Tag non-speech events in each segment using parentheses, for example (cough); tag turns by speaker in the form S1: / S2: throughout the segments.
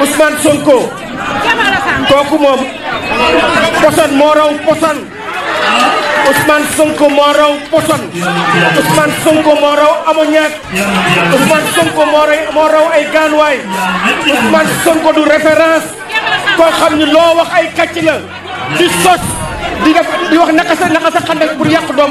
S1: Ousmane Sonko kooku moom poson moo raw poson Ousmane Sonko moo raw poson Ousmane Sonko moo raw amoniac Ousmane Sonko moo raw ay gaanuwaay Ousmane Sonko du référence koo xam ni loo wax ay kàcc la di sos di def di wax naka sa naka sa xandak pour doom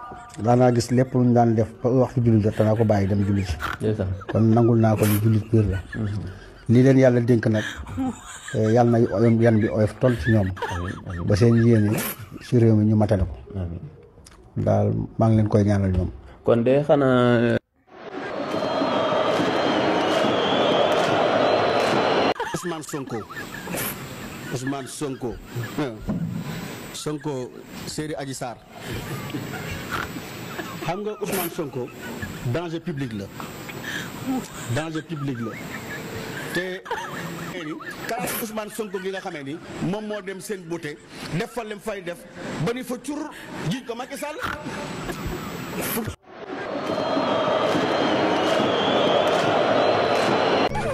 S1: daanaa gis lépp lu ñu daan def ba waxtu julli jot danaa ko bàyyi dem julli ci kon nangul naa ko ni jullit biir la mm-hmm. lii leen yàlla dénk nag eh, yàlla na yan bi oyof toll ci ñoom ba seen yéene ci réew mi ñu matale ko daal maa ngi leen koy ñaanal ñoom
S2: kon de xanaa Ousmane Sonko
S1: Sonko Sonko série aji Sarr xam nga Ousmane Sonko danger public la danger public la te ni kaas Ousmane Sonko gi nga xamee ni moom moo dem seen beauté def fa lem fay def ba ni fa cur jiñ ko Macky Sall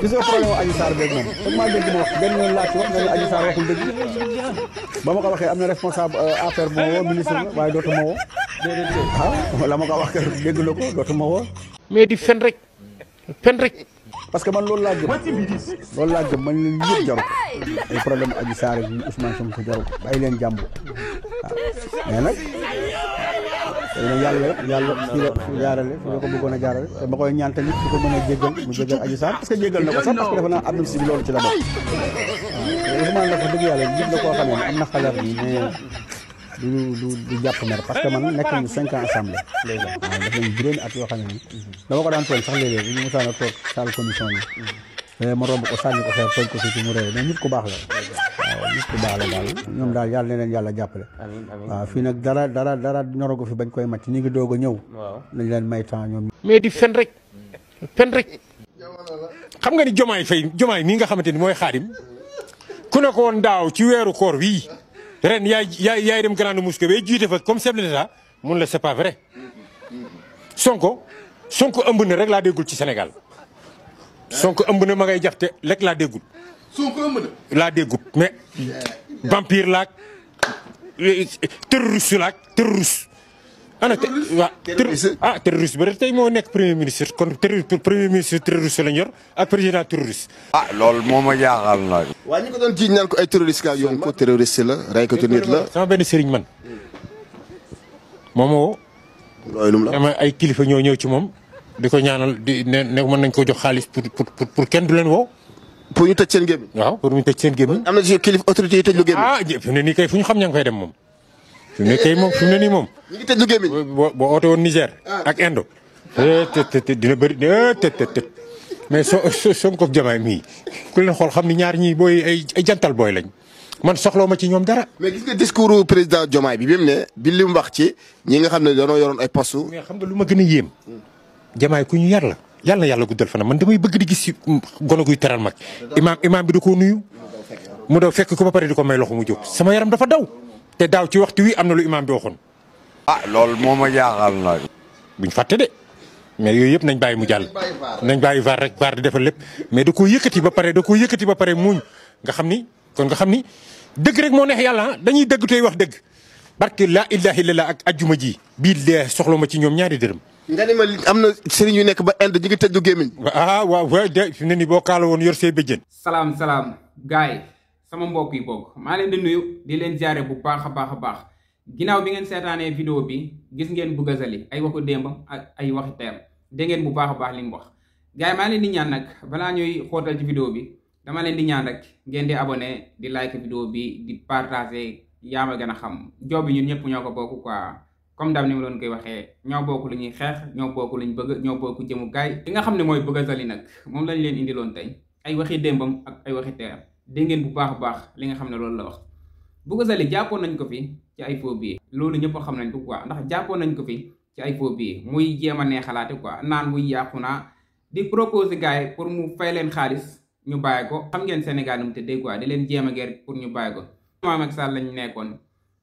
S1: gis nga problème wu Adji Sarr beeg moom maa dégg ma benn laa ci wax nga ne Adji Sarr waxul dëgg ba ma ko waxee am na responsable euh, affaire bu ma woo ministre waaye dootu ma woo ah la ma ko ko dootu ma mais di fen rek fen rek parce que man loolu laaj gëm loolu laa gëm man leen yëpp jaru ay problème Adji Sarr leen jàmbur ah, mais nag nag yàlla yàlla fii la ko jaarale fii la ko bëggoon a jaarale te ma koy ñaan tamit su ko mën a jéggal mu jéggal Adji Sarr parce que jéggal na ko sax parce ci la bokk waaw dëgg yàlla nit la koo am na xalaat bi mais du du du jàpp mer parce que man nekk nañu cinq ans assemblée léegi juróomi at yoo xam ne dama ko daan tooñ sax léeg-léeg bu ñu mosaan a toog salle commission bi ma romb ko sànni ko xeer tooñ ko si mu réew mais nit ku baax la nit ku baax la daal ñoom daal yàlla na leen yàlla jàppale waaw fii nag dara dara dara ñorogo fi bañ koy màcc ñu ngi doog a ñëw nañ leen may temps ñoom mais di fen rek fen
S3: xam nga ni jomaay fay jomaay mii nga xamante ni mooy xaadim ku nekk ko woon daaw ci weeru koor wii ren yaay yaay yaay dem grande mosquée bay jiite fa comme chef de l'État mun la c'est pas vrai sonko sonko ëmb na rek laa déggul ci Sénégal Sonko ëmb na ma ngay jax te lekk laa Sonko ëmb na. laa déggut mais. vampire lak terroriste lak terroriste. ana te waa terroriste ah terroriste ba tay mo nek premier ministre kon terroriste premier ministre terroriste la ñor ak président terroriste. ah loolu moma jaaxal nag. wa ñu ko doon jiiñ naan ko ay terroriste la ak yoon ko terroriste la ray raykatu nit la. sama ben serigne man. momo moo. loolu la ay kilifa ñoo ñew ci mom di ko ñaanal ne ne mën nañ ko jox xaalis pour pour pour kenn du leen woo. pour ñu tëj seen gémmiñ. waaw pour ñu tëj seen gémmiñ. am na ci kilifa autorité ah, xam ña ngi dem moom. fi mu ne nii moom. ñu ngi boo boo oote woon Niger. Ah. ak Indo. Eh, te te dina bëri eh, te te te mais soo Sonko Diomaye mii ku leen xool xam ni ñaar ñi booy ay ay jantal booy lañ. man soxloo ma ci ñoom dara. mais gis nga discours président Diomaye bi bi ne bi li mu wax ci ñi nga xam ne dañoo yoroon ay postes. mais xam nga lu ma gën a yéem hmm. jamaay ku ñu yar la yalla na yàlla fa fana man damay bëgg di gis golo guy teral mak imam imam bi du ko nuyu mu do fekk ku ba pare di ko may loxu mu jox sama yaram dafa daw te daw ci waxtu wi amna lu imam bi waxon ah loolu moma jaaxal buñ dé mais yoy nañ bayyi mu jall nañ bayyi var rek di defal lepp mais du ko yëkëti ba pare da ko yëkëti ba pare muñ nga xamni kon nga xamni deug rek mo neex yalla ah. dañuy deug tay wax deug barke la ilaha illallah ak aljuma ji bi le soxlo ma ci ñom ñaari deureum nga ne ma am na sëriñ yu nekk ba Inde ñu ngi tëju gémmiñ. ah waaw waaye de fi mu boo kaala woon yor see bëjjën.
S2: salaam salaam gars yi sama mbokk yi bokk maa leen di nuyu di leen jaare bu baax a baax a baax ginnaaw bi ngeen seetaanee vidéo bi gis ngeen bu gazali ay waxu démbam ak ay waxi teyam dégg ngeen bu baax a baax li mu wax. gars yi maa leen di ñaan nag balaa ñuy xóotal ci vidéo bi dama leen di ñaan rek ngeen di abone di like vidéo bi di partager yaa ma gën a xam job bi ñëpp ñoo ko bokk quoi. comme daaw ni ma doon koy waxee ñoo bokk lu ñuy xeex ñoo bokk lu ñu bëgg ñoo bokk jëmu gaay li nga xam ne mooy bëgg a Zali nag moom lañ leen indiloon tey ay waxi démbam ak ay waxi teeram dégg ngeen bu baax a baax li nga xam ne loolu la wax bëgg a jàppoon nañ ko fi ci ay faux billets loolu ñëpp xam nañ ko ndax jàppoon nañ ko fi ci ay faux billets muy jéem a neexalaate quoi naan muy yàqu naa di proposer gars yi pour mu fay leen xaalis ñu bàyyi ko xam ngeen Sénégal nu mu tëddee quoi di leen jéem a guerre pour ñu bàyyi ko maam ak Sall lañ nekkoon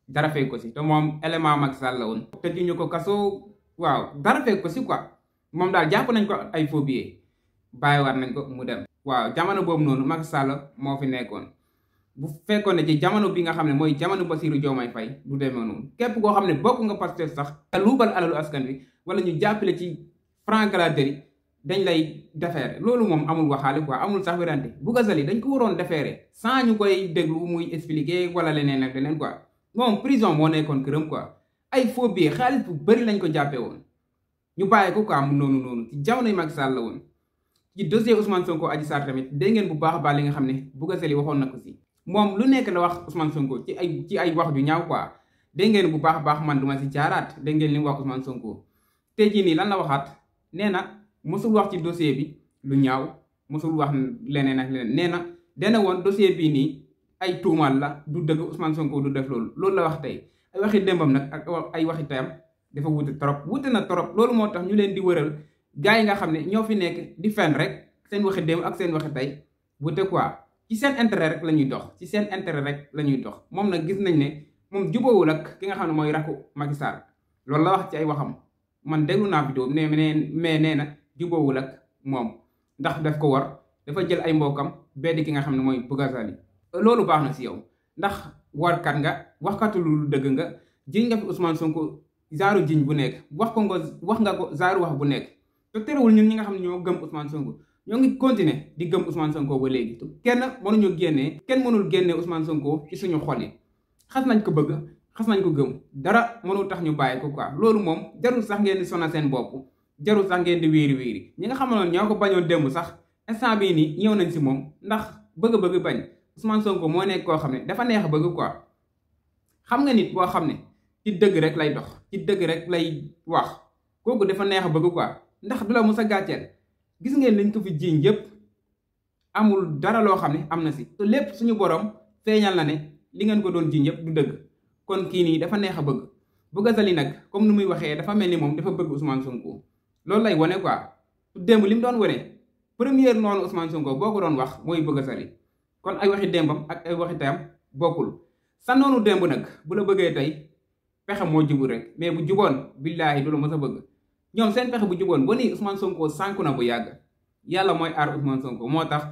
S2: dara fekk ko si te moom élément mag Sall la woon. tëj ñu ko kaso waaw dara fekk ko si quoi moom daal jàpp nañ ko ay faux billets bàyyi war nañ ko mu dem. waaw jamono boobu noonu Macky Sall moo fi nekkoon bu fekkoon ne ci jamono bi nga xam ne mooy jamono Bassirou Diomaye Faye du demee noonu képp koo xam ne bokk nga Pastef sax. luubal alalu askan wi wala ñu jàppale ci franc galatéri dañ lay defeere loolu moom amul waxaale quoi amul sax wérante bu gazali dañ ko waroon defeere sans ñu koy déglu muy expliquer wala leneen ak leneen quoi. moom prison moo nekkoon këram quoi ay faux billets xaalis bu bëri lañ ko jàppee woon ñu bàyyi ko quoi mu noonu noonu ci jamonoy mag Sall la woon ci dossier Ousmane Sonko Adji Sarr tamit dégg ngeen bu baax a baax li nga xam ne Bouga Sali waxoon na ko si moom lu nekk la wax Ousmane Sonko ci ay ci ay wax ju ñaaw quoi dégg ngeen bu baax a baax man duma si jaaraat dégg ngeen li mu wax Ousmane Sonko tey jii nii lan la waxaat nee na mosul wax ci dossier bi lu ñaaw mësul wax leneen ak leneen nee na dana woon dossier bi nii ay tuumaal la du dëgg Ousmane Sonko du def loolu loolu la wax tey ay waxi démbam nag ak ay waxi teyam dafa wute trop wute na trop loolu moo tax ñu leen di wëral gars yi nga xam ne ñoo fi nekk di fen rek seen waxi démb ak seen waxi bu wute quoi ci seen intérêt rek la ñuy dox ci seen intérêt rek la ñuy dox moom nag gis nañ ne moom jubóowul ak ki nga xam ne mooy rakku Macky Sall loolu la wax ci ay waxam man déglu naa vidéo nee nee mais nee na jubóowul ak moom ndax daf ko war dafa jël ay mbokkam beddi ki nga xam ne mooy Bougazelli loolu baax na ci yow ndax warkat nga waxkatu lu dëgg nga jiñ nga fi Ousmane Sonko zaaru jiñ bu nekk wax ko wax nga ko zaaru wax bu nekk te terewul ñun ñi nga xam ne ñoo gëm Ousmane Sonko ñoo ngi continuer di gëm Ousmane Sonko ba léegi kenn mënuñu génne kenn mënul génnee Ousmane Sonko ci suñu xol yi xas nañ ko bëgg xas nañ ko gëm dara mënul tax ñu bàyyi ko quoi loolu moom jarul sax ngeen di sonal seen bopp jarul sax ngeen di wiiri wiiri ñi nga xam xamaloon ñoo ko bañoon démb sax instant bii nii ñëw nañ si moom ndax bëgg-bëgg bañ Ousmane Sonko mo nek ko xamne ne dafa neex bëgg quoi xam nga nit bo xamne ne ci dëgg rek lay dox ci dëgg rek lay wax koku dafa neex bëgg quoi ndax dula la mus gis ngeen liñ ko fi jiñ yépp amul dara lo xamne ne ci si te lepp suñu borom feñal na ne li ngeen ko doon jiñ yépp du dëgg kon ki ni dafa neex a bëgg bu gazali nak comme nu muy waxee dafa melni mom dafa bëgg Ousmane Sonko loolu lay woné quoi démb li mu doon woné premier non Ousmane Sonko boko ko doon wax moy bëgg sali kon ay waxi démbam ak ay waxi tayam bokkul sa noonu démb nag bu la bëggee tey pexe moo jubul rek mais bu juboon billaahi du la mës a bëgg ñoom seen pexe bu juboon ba nii Ousmane Sonko sànku na bu yàgg yàlla mooy aar Ousmane Sonko moo tax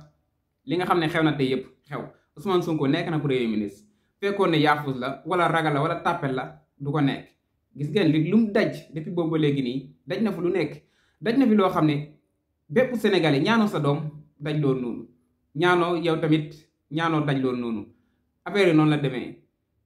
S2: li nga xam ne xew na tey yëpp xew Ousmane Sonko nekk na premier ministre fekkoon ne yaafus la wala ragal la wala tàppel la du ko nekk gis ngeen li lu mu daj depuis boobu léegi nii daj na fi lu nekk daj na fi loo xam ne bépp Sénégalais ñaanu sa doom daj loolu ñaanoo yow tamit ñaanoo daj loolu noonu affaire yi noonu la demee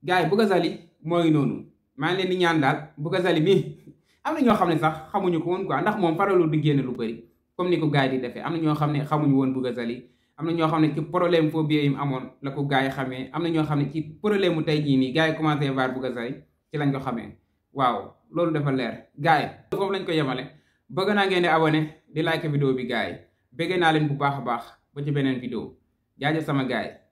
S2: gars yi bu Gazali moo ngi noonu maa ngi leen di ñaan daal bu sali mi (laughs) am na ñoo xam ne sax xamuñu ko woon quoi ndax moom faralu di génn lu bëri comme ni ko gars yi di defee am na ñoo xam ne xamuñu woon bu Gazali am na ñoo xam ne ci problème phobie yi amoon la ko gars yi xamee am na ñoo xam ne ci problème mu tey jii nii gars yi commencé vaar bu Gazali ci lañ ko xamee waaw loolu dafa leer gars yi foofu lañ ko yemale bëgg naa ngeen di abonné di like bi gars yi bëgg naa leen bu baax a baax benen video. Jajab sama guys.